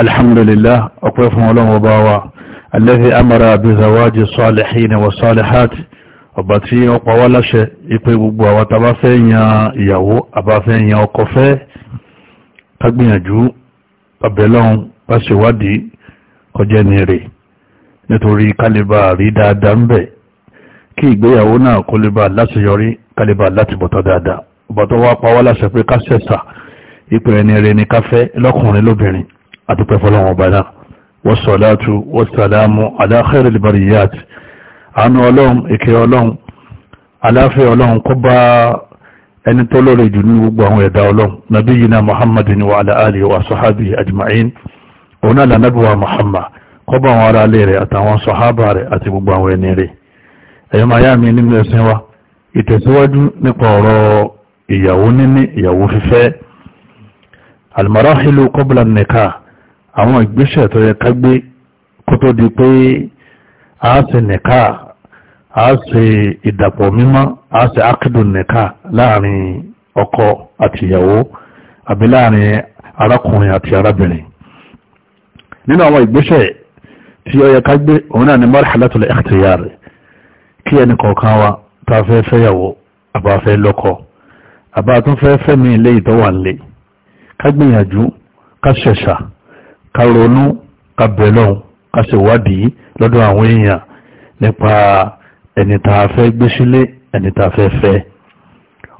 alhamdulillah ọpẹ́ fún ọlọ́run ọba wa alladhi amara bi zawaji salihin wa salihat ọba tí ó pa wá láṣẹ ipé gbogbo àwọn tàbá fẹ́ yan ìyàwó àbáfẹ́ yan ọkọ fẹ́ kágbìyànjú abẹ́lọ́run bá ṣèwádìí kọjẹ́ ní rè nítorí kálíbà rí dáadáa ń bẹ̀ kí ìgbéyàwó náà kó lè bá láṣeyọrí kálíbà láti bọ̀tọ̀ dáadáa ọba tó wá pa wá láṣẹ pé ká ṣẹ̀ṣà ipò ẹni rẹ̀ ní ká lọ́kùnrin lóbìnrin àdúpẹ́ fọlọ́wọ́n bá náà wasalaatu wasalaamu ala khairil bariyat àánú ọlọ́run ìkẹ́ ọlọ́run aláfẹ́ ọlọ́run kó bá ẹni tó lóore jù ní gbogbo àwọn ẹ̀dá ọlọ́run nabiyina muhammadin wa ala alihi wa sahabihi ajma'in òun náà lànàbíwá muhammad kó bá àwọn ará alẹ́ rẹ̀ àwọn ìgbésẹ̀ tó yẹ ká gbé kó tó di pé a ṣe nìka a ṣe ìdàpọ̀ mímọ́ a ṣe ákìdùn nìka láàrin ọkọ àti ìyàwó àbí láàrin arákùnrin àti arábìnrin nínú àwọn ìgbésẹ̀ tí ó yẹ ká gbé òun náà ni marhalatul ikhtiyar kí ẹnì kọ̀ọ̀kan wa tá fẹ́ fẹ́yàwó àbá fẹ́ lọ́kọ àbá tún fẹ́ fẹ́ mi ilé ìtọ́wà ńlẹ̀ ká ká ṣẹ̀ṣà ká ronú ká bẹ̀lọ́hùn ká ṣèwádìí lọ́dọ̀ àwọn èèyàn nípa ẹni tá fẹ́ gbé sílé ẹni tá fẹ́ fẹ́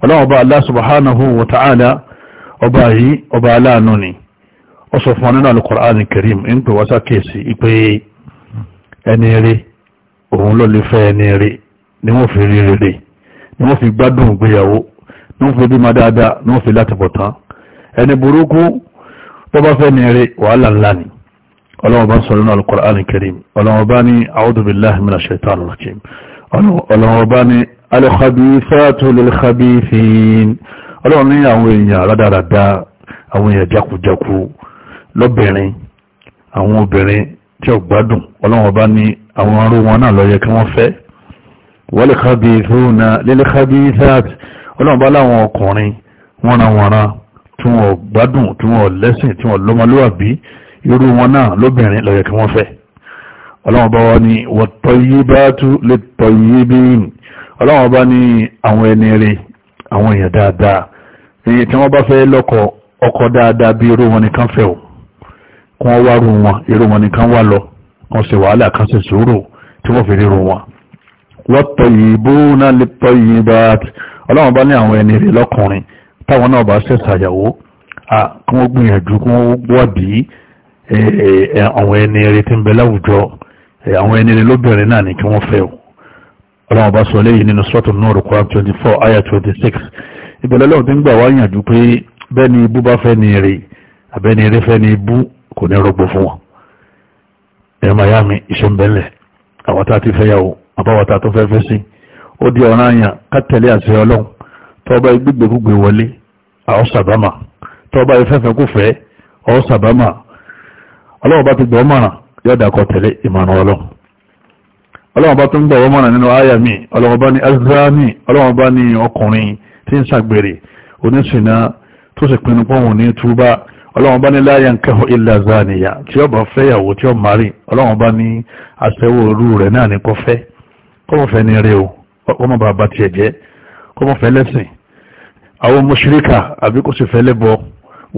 ọlọ́run ọba Allah subhanahu wa ta'ala ọba yìí ọba aláàánú ni ó sọ fún wa nínú alukur'an karim ń pè wá sákèsí pé ẹni rí òun ló lè fẹ́ ẹni rí ni wọ́n fi rí rere ni wọ́n fi gbádùn ìgbéyàwó ni wọ́n fi bímọ dáadáa ni wọ́n fi látìbọ̀tán ẹni burúkú bọ́bá fẹ́ ní eré wàhálà ńlá ni ọlọ́wọ́ bá ń sọ nínú alukur'an karim ọlọ́wọ́ bá ní a'udhu billahi minash shaitanir rajim ọlọ́wọ́ bá ní al-khabithatu lil-khabithin ọlọ́wọ́ ní àwọn èèyàn rádaràdá àwọn èèyàn jákujáku lọ́bìnrin àwọn obìnrin tí ó gbádùn ọlọ́wọ́ bá ní àwọn arú náà ló kí wọ́n fẹ́ wal-khabithuna lil-khabithat ọlọ́wọ́ bá láwọn ọkùnrin wọ́n ra wọ́n ra tí wọ́n gbádùn tí wọ́n lẹ́sìn tí wọ́n lọ́mọlúwàbí irú wọn náà lóbìnrin lọ́yẹ̀ kí wọ́n fẹ́ ọlọ́wọ́n bá wọ́n ní wat-tayyibatu lit-tayyibin ọlọ́wọ́n bá ní àwọn ẹni rí àwọn èèyàn dáadáa èyí tí wọ́n bá fẹ́ lọ́kọ ọkọ dáadáa bí irú wọn nìkan fẹ́ o kí wọ́n wá rú wọn irú wọn nìkan wá lọ kan ṣe wàhálà kan ṣe sùúrù tí wọ́n fi rírun wọn wat-tayyibuna lit-tayyibat ọlọ́wọ́n bá ní àwọn ẹni rí lọ́kùnrin táwọn náà bá ṣẹ̀ṣàyàwó kí wọ́n gbìyànjú kí wọ́n wádìí àwọn ẹni eré tí ń bẹ láwùjọ àwọn ẹni eré lóbìnrin náà ni kí wọ́n fẹ́ o ọlọ́run ọba sọ léyìn nínú sọ́tún náà rò kọ́ra twenty four aya twenty six ìbẹ̀lẹ̀ lọ́wọ́ tí ń gbà wáyànjú pé bẹ́ẹ̀ ni ibú bá fẹ́ ni eré àbẹ́ni eré fẹ́ ni ibú kò ní rọgbọ fún wọn ẹ máa yá mi iṣẹ́ ń bẹ́lẹ̀ àwọn àwọn sàbámà tọ́ba yìí fẹ́fẹ́ kú fẹ́ ọ sàbámà ọlọ́wọ́ bá ti gbọ́ mọ̀ràn yóò dàkọ̀ tẹ̀lé ìmọ̀ràn ọlọ́run ọlọ́wọ́ bá tún gbọ́ mọ̀ràn nínú àyà mi ọlọ́wọ́ bá ní azrani ọlọ́wọ́ bá ní ọkùnrin tí ń ṣàgbèrè oníṣìnà tó sì pinnu pọ́hùn ní túbá ọlọ́wọ́ bá ní láyà ń kẹ́hùn illa zaniya tí ó bá fẹ́yàwó tí ó mari ọlọ́wọ́ bá ní aṣẹ́wó orú rẹ̀ náà ní kọfẹ́ kọ́mọ̀fẹ́ ní rẹ̀ o kọ́mọ̀ bàbá tiẹ̀ jẹ́ kọ́mọ̀fẹ́ lẹ́sìn àwọn mọ́ṣíríkà àbí kò sì fẹ́lẹ́ bọ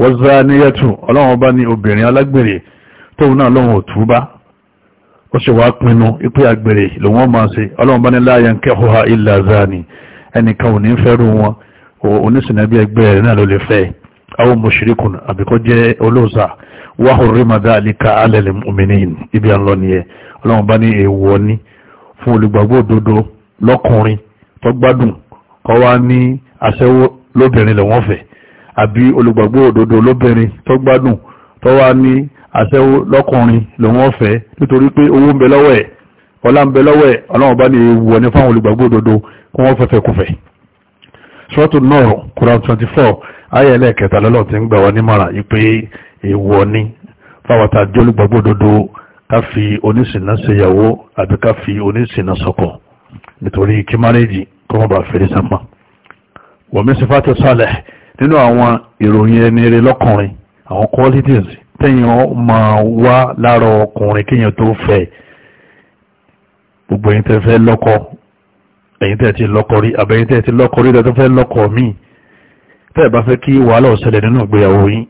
wọ́n zá níyàtù ọlọ́run bá ní obìnrin alágbèrè tóun náà lọ́wọ́n òtúbá ó sì wá pinnu ipé àgbèrè lòun ọmọ ṣe ọlọ́run bá ní láàyè ń kẹ́hùhà ilà zani ẹnìkan ò ní fẹ́rù wọn oníṣìnàbí ẹgbẹ́ rẹ̀ náà ló lè fẹ́ lóbìnrin lòun fẹ́ àbí olùgbàgbọ́ òdodo lóbìnrin tó gbádùn tó wá ní aṣẹ́wó lọ́kùnrin lòun fẹ́ nítorí pé owó ń bẹ lọ́wọ́ ẹ̀ ọlá ń bẹ lọ́wọ́ ẹ̀ ọlọ́run bá ní ewu ọ̀ní fáwọn olùgbàgbọ́ òdodo kí wọ́n fẹ́fẹ́ kúfẹ́ sọ́tù náà Quran 24 ayé ẹlẹ́ẹ̀kẹta lọ́lọ́run ti ń gbà wá mara yìí pé ewu ọ̀ní fáwọn tá a jẹ́ olùgbàgbọ́ òdodo ká fi oníṣìnà ṣèyàwó àbí ká fi oníṣìnà sọ́kọ nítorí kí márẹ́jì kọ́mọ́bà fèrè sápá wọ̀mí sífàtì sálẹ̀ nínú àwọn ìròyìn ẹni rẹ lọ́kùnrin àwọn qualities téèyàn máa wá lára ọkùnrin kéèyàn tó fẹ́ gbogbo ẹ̀yin tẹ́ fẹ́ lọ́kọ ẹ̀yin tẹ́ ti lọ́kọ rí àbẹ̀yin tẹ́ ti lọ́kọ rí tẹ́ fẹ́ lọ́kọ míì tẹ́ ẹ̀ bá fẹ́ kí wàhálà ó ṣẹlẹ̀ nínú ìgbéyàwó yín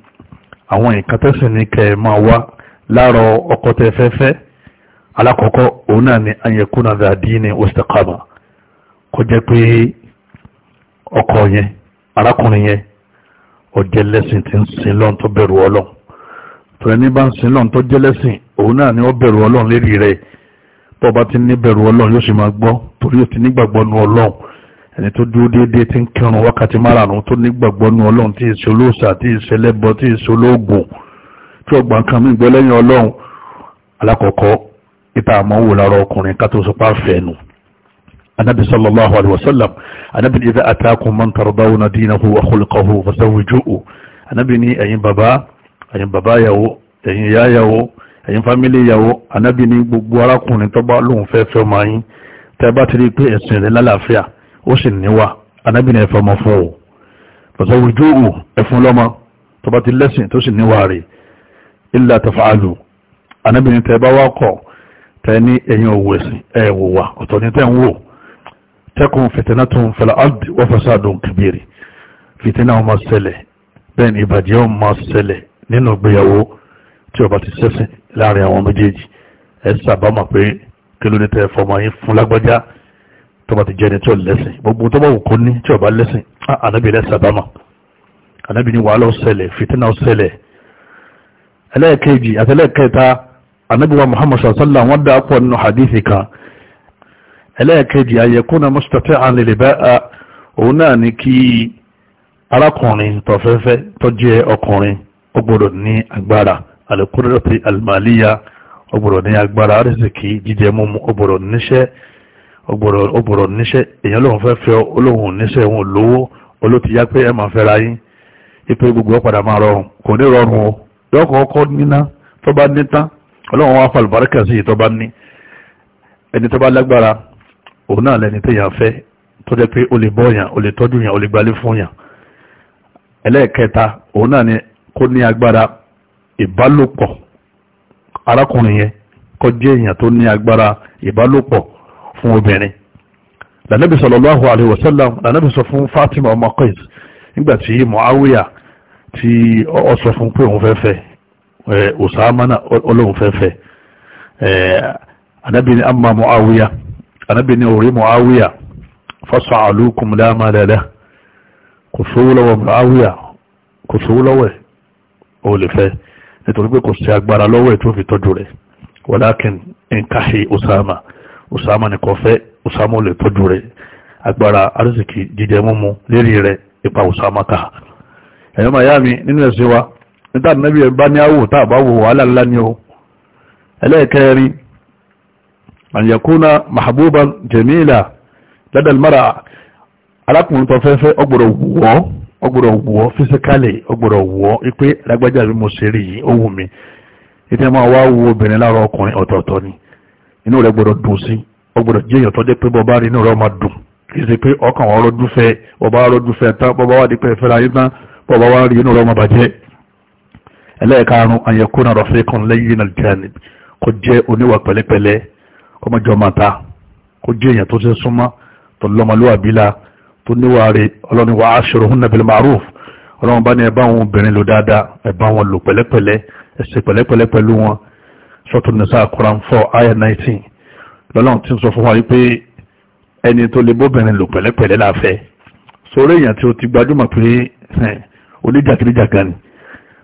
ni ayẹkùnà dàdí ọkọ yẹn arákùnrin yẹn ọjẹ́ lẹ́sìn tí ń sin lọ́n tó bẹ̀rù ọlọ́n tó ẹni bá ń sin lọ́n tó jẹ́ lẹ́sìn òun náà ni ó bẹ̀rù ọlọ́n lérí rẹ̀ tó bá ti ní bẹ̀rù torí ó ti nu ọlọ́n ẹni tó dúró déédéé ń wákàtí márààrún tó nu ọlọ́n tí olóòṣà tí gbọ́ ọlọ́run alákọ̀ọ́kọ́ ìta anabi sallallahu alaihi wasallam anabi ní idha atakum man tardawna dinahu wa khuluquhu fasawwijuhu anabi ní ẹ̀yin bàbá ẹ̀yin bàbá yàwó ẹ̀yin ìyá yàwó ẹ̀yin fámílì yàwó anabi ní gbogbo arákùnrin tó bá lóun fẹ́ fẹ́ ọmọ yín tẹ́ bá ti rí pé ẹ̀sìn rẹ̀ lálàáfíà ó sì níwà anabi ní ẹ̀fọ́ ọmọ fún o fasawwijuhu ẹ̀fún lọ́mọ tó bá ti lẹ́sìn tó sì níwà rẹ̀ illa taf'alu anabi ní tẹ́ bá wá kọ̀ tẹ́ ní ẹ̀yin òwò ẹ̀sìn ẹ̀ wò wà ọ̀tọ̀ ní tẹ́ ń wò tẹ́kùn fìtínátùn fẹ̀lẹ̀ aldi wọ́n fasádùn kìbìrì fìtínà ó máa ṣẹlẹ̀ bẹ́ẹ̀ ni ìbàjẹ́ ó máa ṣẹlẹ̀ nínú ìgbéyàwó tí ó bá ti ṣẹ̀sìn láàrin àwọn méjèèjì ẹ sábàámọ̀ pé kí ló ní tẹ́ fọmọ yín fún lágbájá tó bá ti jẹ́ ẹni tí ó lẹ́sìn gbogbo tó bá wù kó ní tí ó bá lẹ́sìn ànábì rẹ̀ sábàámọ̀ ànábì ní wàhálà ó ṣẹlẹ̀ fìtínà ó ṣẹlẹ̀ ẹlẹ́ẹ̀kejì àtẹlẹ́ẹ̀kẹta ànábì wa Muhammad sallallahu alaihi wa sallam wọ́n dà á pọ̀ nínú hadithi kan ẹlẹ́ẹ̀kejì ayẹkúnna mustapha anileba a òun náà ní kí arákùnrin tọ̀fẹ́fẹ́ tó jẹ́ ọkùnrin ó gbọ́dọ̀ ní agbára alẹ́kúnrẹ́dọ̀tì alimaliya ó gbọ́dọ̀ ní agbára arísìkì jíjẹ múmu ó gbọ́dọ̀ níṣẹ́ ó gbọ́dọ̀ níṣẹ́ èèyàn lóun fẹ́ fẹ́ olóhùn níṣẹ́ òun lówó olóti yá pé ẹ máa fẹ́ ra yín ipe gbogbo òun náà lẹni téèyàn fẹ́ tó jẹ́ pé o lè bọ́ yàn o lè tọ́jú yàn o lè gbalé fún yàn ẹlẹ́ẹ̀kẹta òun náà ni kó ní agbára ìbálòpọ̀ arákùnrin yẹn kó jẹ́ èèyàn tó ní agbára ìbálòpọ̀ fún obìnrin lànàbì sallallahu alaihi wasallam lànàbì sọ fún Fatima ọmọ Qais nígbà tí Muawiya tí ó sọ fún pé òun fẹ́fẹ́ Usama náà olóhun fẹ́fẹ́ ànàbì ni amma Muawiya anábì ní orí muawiya fọ́sọ̀ àlùkùn láàmà lẹ́lẹ́ kò sówó lọ́wọ́ muawiya kò sówó lọ́wọ́ ẹ̀ ò lè fẹ́ nítorí pé kò sí agbára lọ́wọ́ ẹ̀ tó fi tọ́jú rẹ̀ walakin nkahi usama usama ní kò fẹ́ usama lè tọ́jú rẹ̀ agbára arísìkì jíjẹ múmu lérí rẹ̀ ipa usama ká ẹ̀yọ́ miami nínú ẹ̀sìn wa nítorí nábì ẹ̀ bá ní àwò tá àbáwò wàhálà ńlá ni o ẹlẹ́ẹ̀kẹ́rin أن يكون mahbuban jamila لدى المرأة. arákùnrin tó fẹ́fẹ́ ọgbọ̀rọ̀ wọ́ ọgbọ̀rọ̀ wọ́ fisikali ọgbọ̀rọ̀ wọ́ ipe lágbájá bí mo ṣe rí yìí ó wù mí ìtẹ́ máa wá wo obìnrin lára ọkùnrin ọ̀tọ̀ọ̀tọ̀ ni inú rẹ̀ gbọ́dọ̀ dùn sí ọgbọ̀dọ̀ jẹ́ èèyàn tó jẹ́ pé bọ́bá rí inú rẹ̀ máa dùn kì í ṣe pé ọkàn ọ̀rọ̀ dúfẹ́ bọ́bá ọ̀rọ̀ dúfẹ́ tán bọ́bá wà dípẹ́ ìfẹ́ láyé tán bọ́bá wà rí inú rẹ̀ máa bàjẹ́ ẹlẹ́ẹ̀karùn-ún an yakuna rafiqan layyinal janib kó jẹ́ oníwà pẹ̀lẹ́pẹ̀lẹ́ kọmọjọ mata kó jẹ́ èèyàn tó ti súnmọ́ tó lọ́mọlúwàbí la tó níwàárí ọlọ́ni wa ashiruhunna bil ma'ruf ọlọ́run bá ní ẹ bá àwọn obìnrin lò dáadáa ẹ bá wọn lò pẹ̀lẹ́pẹ̀lẹ́ ẹ pẹ̀lẹ́pẹ̀lẹ́ pẹ̀lú wọn sọ́tún nìsa Quran 4 ayah 19 lọ́lọ́run ti ń sọ fún wa wípé ẹni tó lè bóbìnrin lò pẹ̀lẹ́pẹ̀lẹ́ láfẹ́ sórí èèyàn tí ó ti gbajúmọ̀ pé oníjàkirijagan ni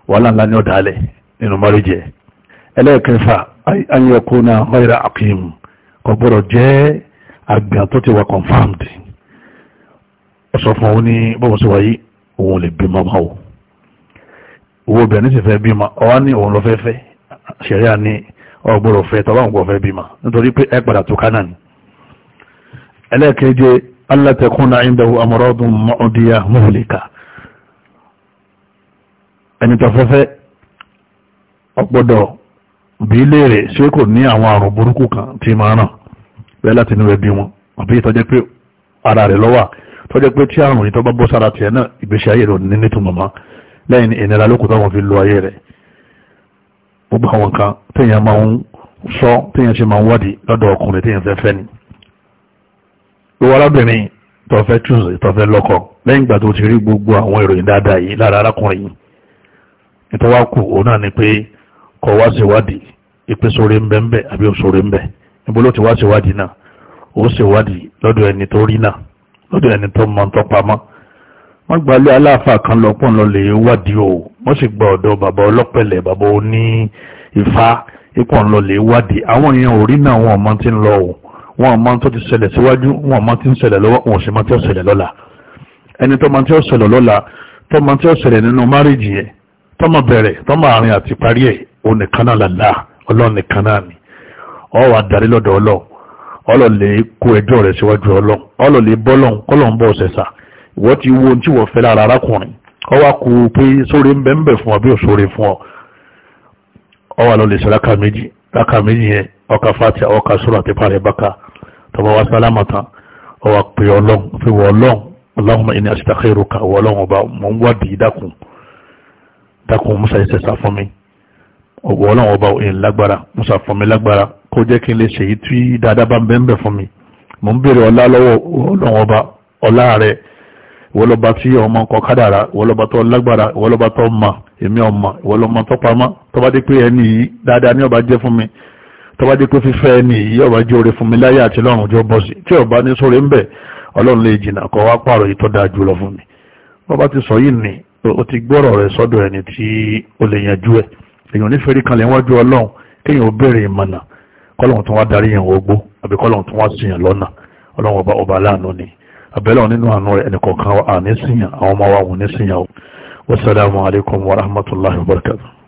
wàhálà ńlá ní ọ̀dà kò gbọ́dọ̀ jẹ́ àgbà tó ti wà confirmed ó sọ fún òun ní bọ́bọ̀ sí wáyé òun lè bímọ máa wò owó obìnrin sì fẹ́ bímọ ọwá ní òun lọ fẹ́ fẹ́ ṣẹ̀ríà ní ọgbọ́dọ̀ fẹ́ tọ́lá òun kò fẹ́ bímọ nítorí pé ẹ padà tó kánà ni ẹlẹ́ẹ̀keje alátẹ̀kúnna ìdáwó amọ̀rọ́dún mọ́ọ̀díyà mọ́ọ̀lẹ́ka ẹni tó fẹ́fẹ́ ọgbọ́dọ̀ bí léèrè ṣé kò ní àwọn àrùn burúkú kan tí máa ràn bẹ́ẹ̀ láti inú ẹbí wọn àbí tó jẹ́ pé ara rẹ̀ lọ́wọ́ tó jẹ́ pé tí àrùn yìí tó bá bọ́ sára tiẹ̀ náà ìgbésí ayé rẹ̀ ní nítumọ̀ mọ́ lẹ́yìn ìnira lókùn táwọn fi lo ayé rẹ̀ gbogbo àwọn nǹkan téèyàn máa ń sọ téèyàn ṣe máa ń wádìí lọ́dọ̀ ọkùnrin téèyàn fẹ́ fẹ́ ni ìwọ arábìnrin tó túnṣe tó fẹ́ lẹ́yìn ìgbà tó ti rí gbogbo àwọn ìròyìn dáadáa yìí lára arákùnrin yìí nítorí kù òun náà ni pé kọ̀ wá ṣèwádìí ìpè sóore ń bẹ ń bẹ àbí òsóore ń bẹ níbo ló ti wá ṣèwádìí náà ó ṣèwádìí lọ́dọ̀ ẹni tó rí náà lọ́dọ̀ ẹni tó mọ tó pamọ́ wọ́n gba ilé aláàfáà kan lọ pọ́n lọ lè wádìí o wọ́n sì gba ọ̀dọ̀ bàbá ọlọ́pẹ̀lẹ̀ bàbá oní Ifá ipò ń lè wádìí àwọn èèyàn ò rí náà wọn ọmọ ti ń lọ o wọn ọmọ tó ti ṣẹlẹ̀ síwájú wọn ọmọ ti ń ṣẹlẹ̀ lọ́wọ́ wọn ò sì mọ tí ó ṣẹlẹ̀ lọ́la ọlọ́run nìkan náà ni ọ wà darí lọ́dọ̀ ọlọ́run ọlọ́run lè kó ẹjọ́ rẹ̀ síwájú ọlọ́run ọlọ́run lè bọ́ lọ́run kọ́lọ́run bọ̀ ṣẹ̀ṣà ìwọ ti wo tí wọ́n fẹ́ lára arákùnrin ọ wá kú pé sóore ń bẹ ń bẹ fún ọ bí ò sóore fún ọ ọ wà lọ lè ṣe méjì rákà méjì yẹn ọkà fati ọkà sọ̀rọ̀ àti parẹ́ bákà tọmọ wa sálámà tán ọ wà pé ọlọ́run fi wọ ọlọ́run ọlọ́run ọba ọ̀wọ́ ọlọ́run ọba òyìn lágbára musa fún mi lágbára kó jẹ́ kí n lè ṣèyí tí dáadáa bá ń bẹ́ ń bẹ̀ fún mi mò ń béèrè ọlá lọ́wọ́ ọlọ́run ọba ọlá rẹ̀ ìwọlọ́ba tí ọmọ kọ kádàrà ìwọlọ́ba tó lágbára ìwọlọ́ba tó ma èmi ọmọ ìwọlọ́mọ tó pamọ́ tó bá dé pé ẹni yìí dáadáa ní ọba jẹ́ fún mi tó bá dé pé fífẹ́ ẹni yìí ọba jẹ́ oore fún mi láyé àti lọ́run jọ bọ́ sí tí ọba ní sóre ń bẹ̀ ọlọ́run lè jìnnà kọ́ wá pààrọ̀ yìí tó dáa jùlọ fún mi bọ́ba ti sọ yìí ni o ti gbọ́rọ̀ rẹ̀ sọ́dọ̀ ẹni tí o lè yanjú ẹ̀ èèyàn nífẹ̀ẹ́rí kan lẹ́wọ́jú ọlọ́run kéèyàn ó béèrè ìmọ̀nà kọ́lọ́run tó wá darí yẹn ogbó àbí kọ́lọ́run tó wá síyàn lọ́nà ọlọ́run ọba ọba aláàánú ni abẹ́lẹ́ nínú àánú rẹ̀ ẹnìkọ̀ọ̀kan àní síyàn àwọn ọmọ wa wò ní síyàn o wasalaamu alaykum wa rahmatulahi wa barakatuh.